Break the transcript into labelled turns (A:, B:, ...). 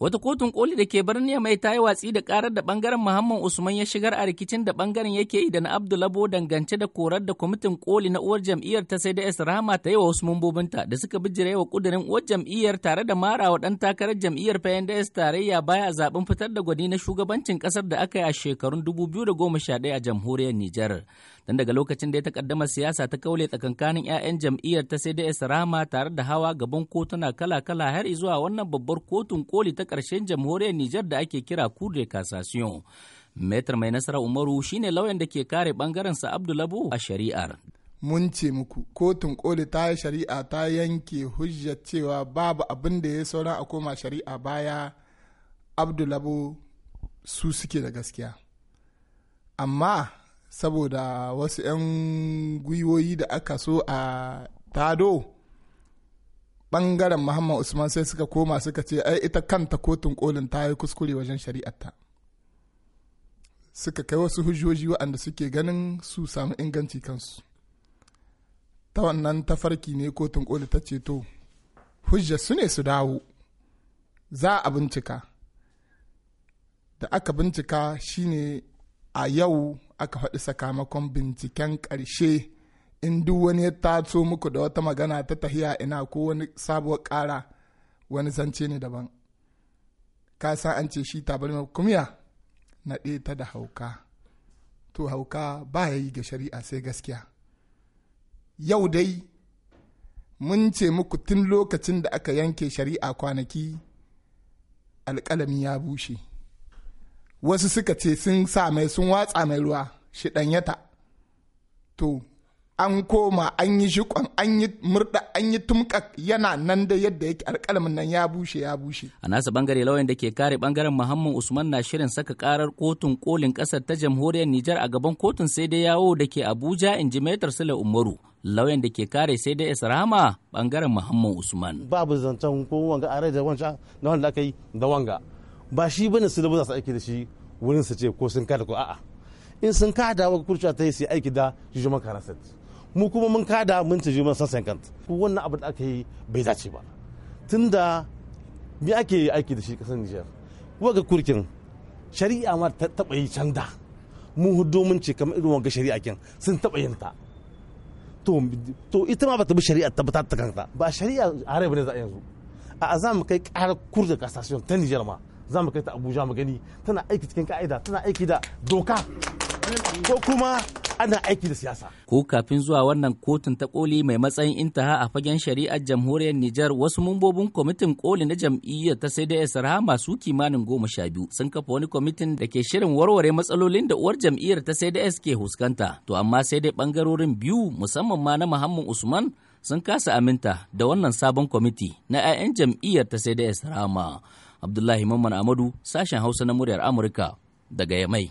A: Wata kotun koli da ke birni mai ta yi watsi da karar da bangaren Muhammad Usman ya shigar a rikicin da bangaren yake idan da na Abdulabo dangance da korar da kwamitin koli na uwar jam'iyyar ta sai da Rahama ta yi wa wasu mambobinta da suka bijire wa kudirin uwar jam'iyyar tare da mara wa dan takarar jam'iyyar PNDS tarayya baya a zaben fitar da gwani na shugabancin kasar da aka yi a shekarun 2011 a jamhuriyar Nijar. don daga lokacin da ya takaddama siyasa ta kaule tsakankanin 'ya'yan jam'iyyar ta sai rama tare da hawa gaban kotuna kala-kala har zuwa wannan babbar kotun koli ta ƙarshen jamhuriyar Nijar da ake kira Cour de Metar mai nasara Umaru shine lauyan da ke kare bangaren sa Abdulabo a shari'ar.
B: mun ce muku kotun koli ta yi shari'a ta yanke hujja cewa babu abin da ya sauran a koma shari'a baya abdulabo su suke da gaskiya amma saboda wasu 'yan gwiwoyi da aka so a tado bangaren muhammad usman sai suka koma suka ce ai ita kanta kotun kolin ta yi kuskure wajen shari'arta suka kai wasu hujjoji waɗanda suke ganin su samu inganci kansu ta wannan tafarki ne kotun koli ta ce to hujja su ne su dawo za a bincika da aka bincika shine a yau aka faɗi sakamakon binciken ƙarshe in duk wani ya taso muku da wata magana ta tahiya ina ko wani sabuwar ƙara wani zance ne daban ka san an ce shi tabarmar kumiya na ta da hauka to hauka ba ya yi ga shari'a sai gaskiya yau dai mun ce muku tun lokacin da aka yanke shari'a kwanaki alƙalami ya bushe wasu suka ce sun sa mai sun watsa mai ruwa shi ɗanyata to an koma an yi shikon an yi murda an yi tumka yana nan da yadda yake alƙalamin nan ya bushe ya bushe
A: a nasa bangare lauyan da ke kare bangaren muhammad usman na shirin saka karar kotun kolin kasar ta jamhuriyar nijar a gaban kotun sai dai yawo da ke abuja in ji sule umaru lauyan da ke kare sai dai
C: isra'ama bangaren muhammad usman babu zancen ko wanga are da wancan wanda aka yi da wanga ba shi bane su za su aiki da shi wurin su ce ko sun kada ko a'a in sun kada wa kurciya ta yi su aiki da jujuma karasat mu kuma mun kada mun ci jujuma san ko wannan abu da aka yi bai dace ba tunda me ake aiki da shi kasar Nijar waga kurkin shari'a ma ta taba yi can da mun hudo mun ce kamar irin wanga shari'a kin sun taba yin ta to ita ma bata bi shari'a ta ta kanta ba shari'a arabi ne za a yanzu a azam kai karar kurda kasashen ta Nijar ma za mu kai ta abuja mu gani tana aiki cikin ka'ida tana aiki da doka ko kuma ana aiki da siyasa.
A: Ko kafin zuwa wannan kotun ta koli mai matsayin intaha a fagen shari'ar jamhuriyar Nijar wasu mambobin kwamitin koli na jam'iyyar ta sai da Esra masu kimanin goma sha biyu sun kafa wani kwamitin da ke shirin warware matsalolin da uwar jam'iyyar ta sai da ke huskanta. To amma sai dai bangarorin biyu musamman ma na Muhammad Usman sun kasa aminta da wannan sabon kwamiti na 'ya'yan jam'iyyar ta sai da Abdullahi Mamman Amadu sashen Hausa na muryar Amurka daga Yamai.